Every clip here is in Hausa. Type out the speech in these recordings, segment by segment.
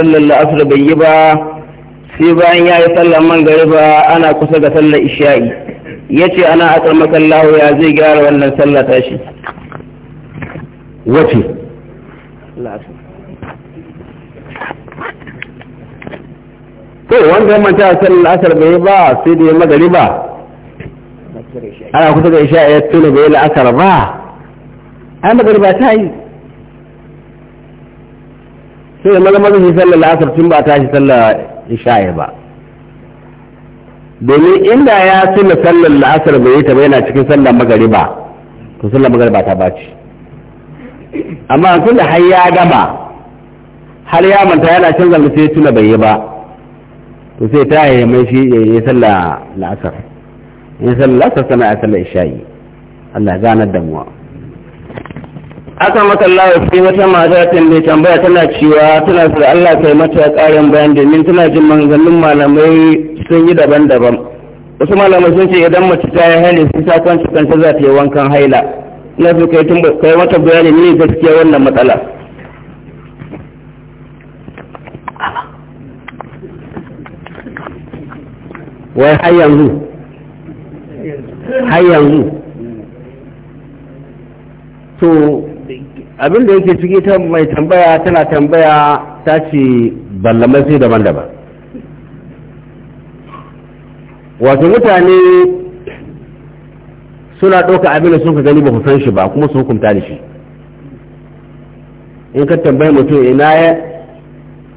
sallar la'asar bai yi ba sai bayan ya yi sallar mangariba ana kusa ga sallar isha'i ya ce ana akar makallahu ya zai gyara wannan sallar tashi wace to wanda ya manta sallar la'asar bai yi ba sai da ya magariba ana kusa ga isha'i ya tuna bai yi la'asar ba ai magariba ta yi sai ya maza shi sallar la'asar tun ba tashi sallar isha'i ba domin inda ya tuna sallar la'asar bai yi ta ba yana cikin sallar magariba to sallar magariba ta baci amma tun da har ya gama har ya manta yana canza zanga sai tuna bai yi ba to sai ta yi mai shi ya yi sallar la'asar in sallar la'asar sana'a sallar isha'i Allah ganar damuwa. mu aka maka Allah sai wata mata tambaye tambaya tana cewa tana da Allah kai mata ƙarin bayan domin tana jin manzannin malamai sun yi daban-daban wasu malamai sun ce idan mace ta yi haila sai ta kwanci kanta za ta yi wankan haila na so kai kai mata bayani ne gaskiya wannan matsala wai har yanzu har yanzu to abin da yake ciki ta mai tambaya tana tambaya ta ce ballamai sai daban-daban wato mutane suna ɗauka abin da sun ka gani ba ku san shi ba kuma su hukunta da shi in ka tambayi mutum ina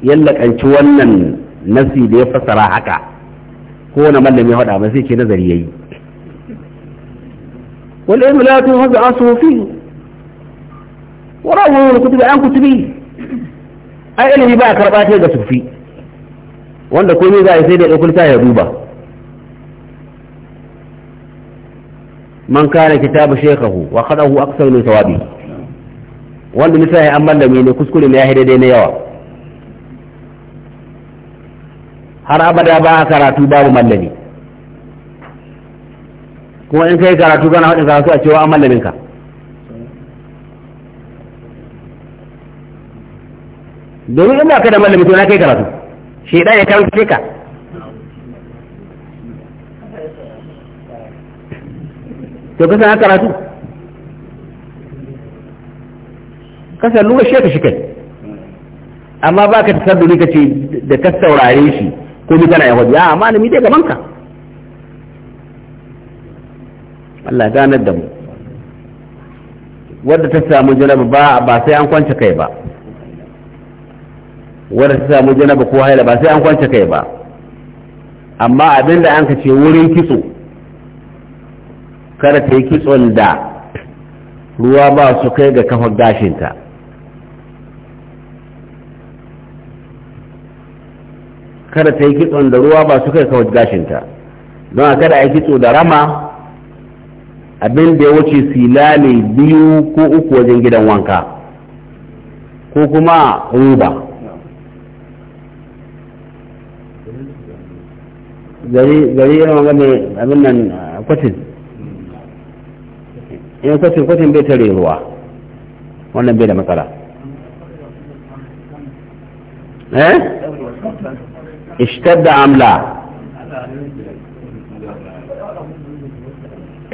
ya lakanci wannan nasi da ya fasara haka ko wani mallam ya haɗa ba sai ke nazari yayi wal ilmu la tuhzu asu fihi wani wani kutubi an kutubi ai ilimi ba karɓa ta ga sufi wanda komai za a yi sai da ɗaukulta ya duba man kana kitabu shekahu wa khadahu aksar min sawabi wanda misali an banda mai ne kuskure ne ya daidai na yawa har abada ba a karatu babu mallami kuma in kai karatu kana haɗin karatu a cewa an mallamin ka domin in ba ka da malami to na kai karatu shedan ya karanta ka to ka sanar karatu ka san lura shi ka shi kai amma ba ka tasadduri ka ce da ka saurare shi ko ni kana yahudi a malami dai gaban ka Allah ganar da mu wadda ta samu jaraba ba sai an kwance kai ba wadda ta samu janaba ko haila ba sai an kwance kai ba amma abin da an ce wurin kitso kada ta yi kitson da ruwa ba su kai ga kafar gashinta kada ta yi kitson da ruwa ba su kai kawai gashinta don a kada a yi kitso da rama abin da ya wuce silale biyu ko uku wajen gidan wanka ko kuma ruba gari gari yana wanga abin nan kwatin in kwatin kwatin bai tare ruwa wannan bai da matsala eh ishtadda amla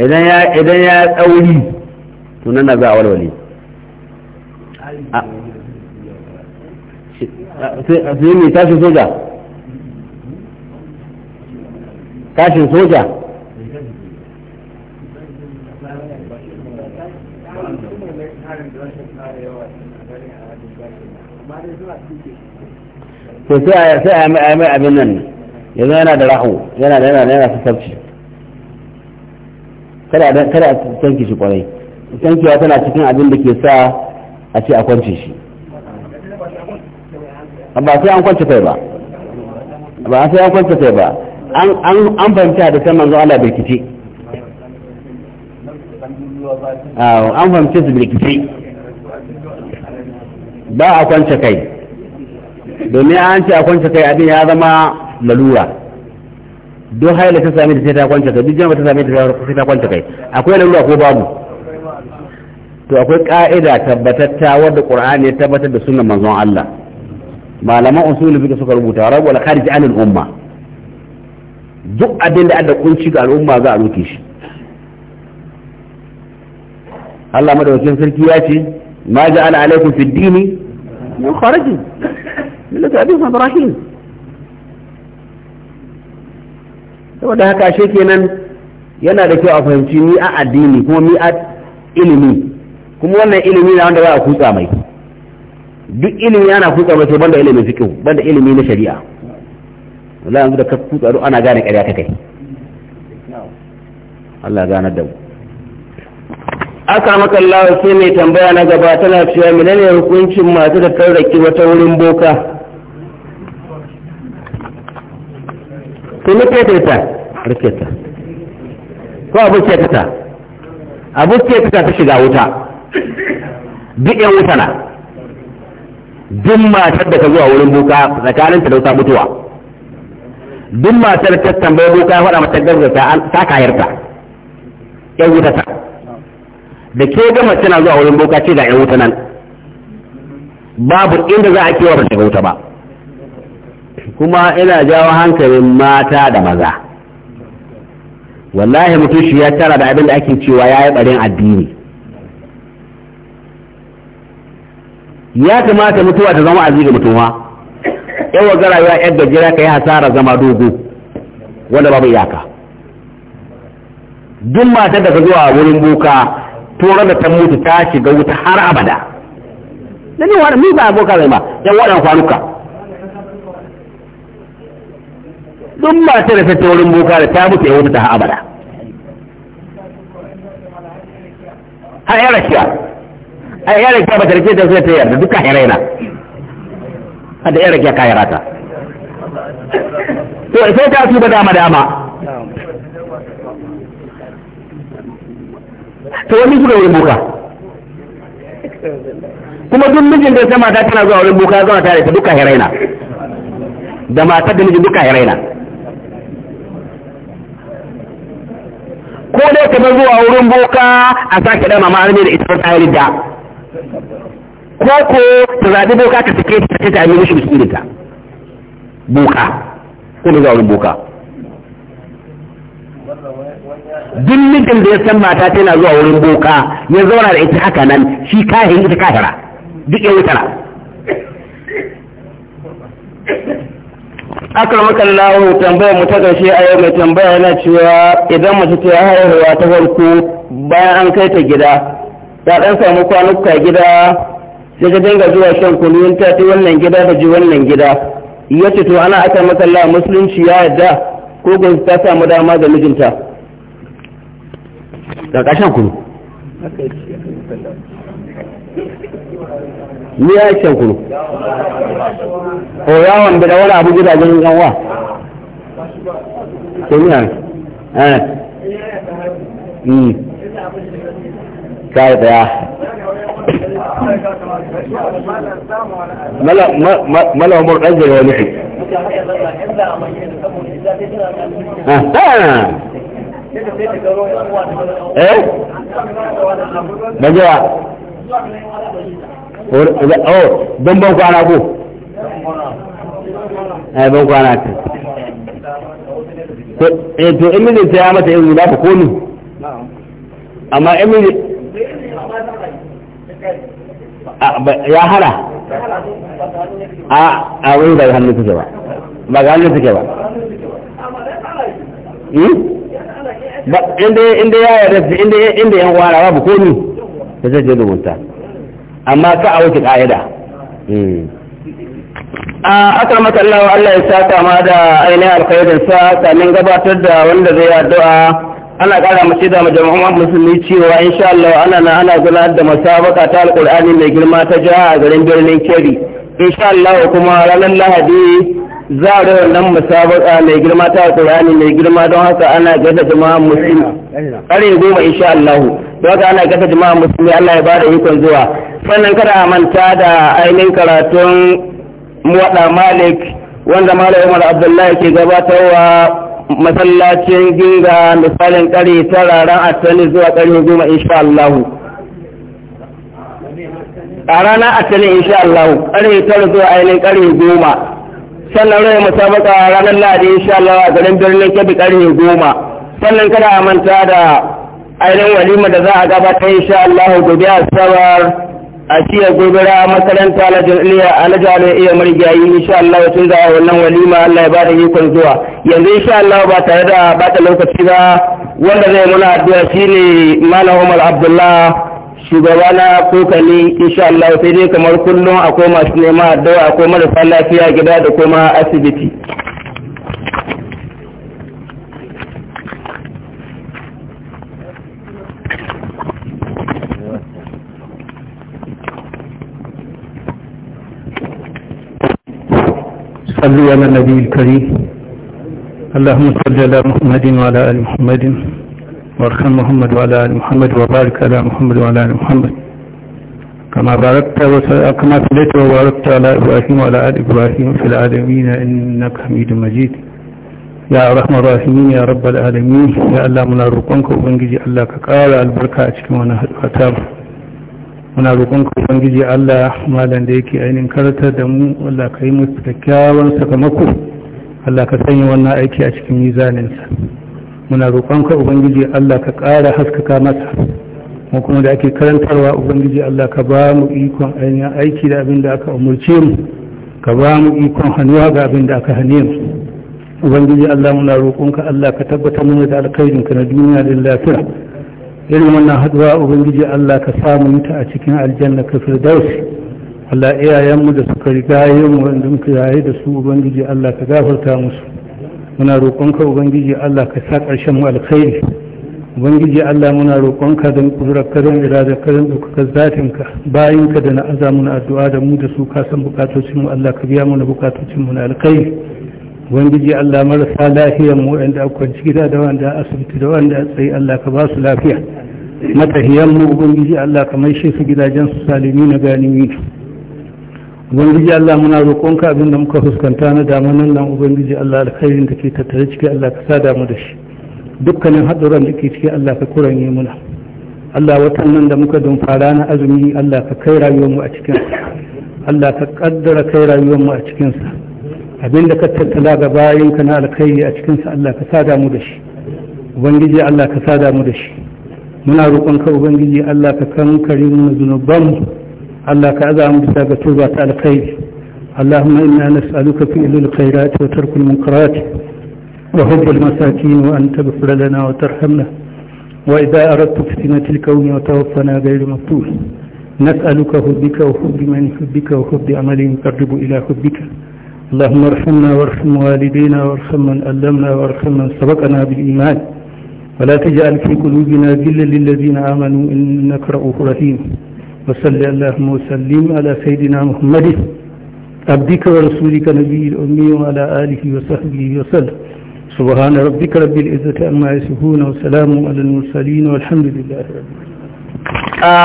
idan ya idan ya tsauri to nan za a walwale yi mai tashi soja tashin soja sai a yi mai abin nan yanzu yana da rahu yana da yana yana su kada kada a tanki shi kwarai tankiwa tana cikin abin da ke sa a ce a kwance shi ba sai an kwance kai ba ba sai an kwance kai ba an fahimci san manzo Allah birkice an fahimta su birkice ba a kwance kai domin an ce a kwance kai abin ya zama lalura don haila ta sami da sai ta kwance kai duk jama'a ta sami da sai ta kwance kai akwai lalura ko babu to akwai ka'ida tabbatatta wadda qur'ani ya tabbatar da sunan manzon Allah malaman usul fiqh suka rubuta rabu al kharij anil umma duk abin da aka kunci ga al'umma za a roke shi Allah madaukakin sarki ya ce ma ja'ala alaikum fi dini min kharajin millata abikum ibrahim saboda haka ashe kenan yana da kyau a fahimci ni a addini kuma mi a ilimi kuma wannan ilimi na wanda za a kutsa mai duk ilimi ana kutsa mai sai banda ilimin fiqh banda ilimi na shari'a wala yanzu da ka kutsa duk ana gane ƙarya ta kai Allah gane da mu aka maka Allah sai mai tambaya na gaba tana cewa menene hukuncin masu da tarraki wata wurin boka kuma ke ta rike ta ko abu ke ta abu ke ta ta shiga wuta duk yan wuta na duk matar da ka zuwa wurin boka tsakaninta da wuta mutuwa duk matar ta tambaye ko ya faɗa mata gaggata ta kayarta yan wuta ta da ke gama tana zuwa wurin boka ce ga yan wuta nan babu inda za a kewa ba shiga wuta ba kuma ina jawo hankalin mata da maza wallahi mutum shi ya tara da abin da ake cewa ya yi ɓarin addini ya kamata mutuwa ta zama aziri mutum yan waga rayuwa yan gajera ka yi hasara zama dogo wanda babu iyaka duk matar da ka zuwa wurin boka tora da ta mutu ta shiga wuta har abada da ni wani mi ba boka zai ba yan waɗan kwanuka duk matar da ta ta wurin boka da ta mutu ya wuta ta har abada har yara kiya a yara kiya ba ta rike da zai ta yarda duka yara yana da ya rage kayan rata to sai ta tuba dama dama to wani suka wurin buka. kuma duk mijin da sama ta tana zuwa wurin ya zuwa tare ta duka heraina. da matar da mijin duka heraina. ko dai ta zuwa wurin buka a sake dama ma'anar da ita ta yi da ko ko ta zaɓi boka ta sake ta ta yi mishi bisirinta boka ko da zaurin boka duk mijin da ya san mata tana zuwa wurin boka ya zauna da ita haka nan shi kahin ita kafara duk ya wutara akar makallahu tambayar mu ta ƙarshe a yau mai tambaya yana cewa idan mace ta yi haihuwa ta farko bayan an kai ta gida ta ɗan samu kwanuka gida sai ta dinga zuwa shan kunu ta ta wannan gida ta ji wannan gida ya ce to ana aka masalla musulunci ya yadda ko gunsu ta samu dama ga mijinta shan kunu ni ya shan kunu o yawon da wani abu gida yan ganwa ko ni eh hmm. ka ya ما له عمر أجل ونحي ها ايه بجوا او دم بوكو انا ابو ايه بوكو انا ابو to in mijinta ya mata irin za ta koni ya hana a a wani ba hannu suke ba ba ga hannu suke ba hmm? inda ya yarda inda yan wara ko komi da zai je rubuta amma ka a wuce ka'ida hmm. a asar mata Allah Allah ya saka ma da ainihin alkhairin sa sannan gabatar da wanda zai addu'a ana ƙara mace da majami'an musulmi cewa insha Allah ana na ana gudanar da masabaka ta alƙur'ani mai girma ta jiha a garin birnin Kebbi insha Allah kuma ranar Lahadi za a rawar nan masabaka mai girma ta alƙur'ani mai girma don haka ana gada jama'a musulmi ƙare goma insha Allah don haka ana gada jama'a musulmi Allah ya bada ikon zuwa sannan kada a manta da ainihin karatun muwaɗa Malik wanda Malam Umar Abdullahi ke gabatarwa masallacin ginga misalin kare tararen tani zuwa kare goma insha Allah a ranar tani insha Allah kare tara zuwa ainihin kare goma sannan rai musabaka ranar ladi insha Allah a garin birnin kebbi kare goma sannan kada a manta da ainihin walima da za a gabata insha Allah gobe a sabar a cikin gobera makaranta alajalo iya marigayi insha Allah tun za a wannan walima Allah ya bada ikon zuwa yanzu insha Allah ba tare da bada lokaci ba wanda zai muna addu'a shine Malam Umar Abdullah shugaba na kokali insha Allah sai dai kamar kullum akwai masu neman addu'a akwai marasa lafiya gida da kuma asibiti صلوا على النبي الكريم اللهم صل على محمد وعلى آل محمد وارحم محمد وعلى آل محمد وبارك على محمد وعلى آل محمد كما باركت كما صليت وباركت على إبراهيم وعلى آل إبراهيم في العالمين إنك حميد مجيد يا رحم الراحمين يا رب العالمين يا الله من رقمك وبنجي الله كقال البركة أشكي وانا هدواتاب muna roƙon ubangiji Allah malam da yake ainihin karatar da mu Allah ka yi mu kyakkyawan sakamako Allah ka sanya wannan aiki a cikin mizaninsa muna roƙon ubangiji Allah ka ƙara haskaka masa mu kuma da ake karantarwa ubangiji Allah ka ba mu ikon ainihin aiki da abin da aka umarce mu ka ba mu ikon hannuwa ga abin da aka hane mu ubangiji Allah muna roƙonka Allah ka tabbatar mana da alkhairin ka na duniya da lafiya irin wannan haduwa ubangiji Allah ka samu ta a cikin aljanna ka firdausi Allah iyayenmu da suka rigaye mu wanda muka yaye da su ubangiji Allah ka gafarta musu muna roƙonka ubangiji Allah ka sa ƙarshen mu alkhairi ubangiji Allah muna roƙonka don ƙudurarka don iradarka don ɗaukakar bayan ka da na aza muna addu'a da mu da su ka san buƙatocinmu, Allah ka biya mana buƙatocinmu na alkhairi ubangiji Allah marasa lafiyan mu wanda akwai gida da wanda asibiti da wanda tsaye Allah ka ba su lafiya matahiyan mu ubangiji Allah ka shi su gidajen su salimi na ganimi ubangiji Allah muna roƙonka abin da muka fuskanta na damanin nan ubangiji Allah alkhairin da ke tattare ciki Allah ka sada mu da shi dukkanin haɗuran da ke ciki Allah ka kuranye muna Allah watan nan da muka don fara na azumi Allah ka kai rayuwar mu a cikin Allah ka kaddara kai rayuwar mu a cikinsa abinda ka tattala ga bayan ka na alkhairi a cikinsa Allah ka sada mu da shi ubangiji Allah ka sada mu da shi muna roƙon ka ubangiji Allah ka kankare mu zunuban Allah ka aza mu bisa ga tuba ta alkhairi اللهم إنا نسألك فعل الخيرات وترك المنكرات وحب المساكين وأن تغفر لنا وترحمنا وإذا أردت فتنة الكون وتوفنا غير مفتوح نسألك حبك وحب من يحبك وحب عمل يقرب إلى حبك اللهم ارحمنا وارحم والدينا وارحم من ألمنا وارحم من سبقنا بالإيمان ولا تجعل في قلوبنا غلا للذين آمنوا إنك رؤوف رحيم وصل اللهم وسلم على سيدنا محمد عبدك ورسولك نبي الأمي وعلى آله وصحبه وسلم سبحان ربك رب العزة عما يصفون وسلام على المرسلين والحمد لله رب العالمين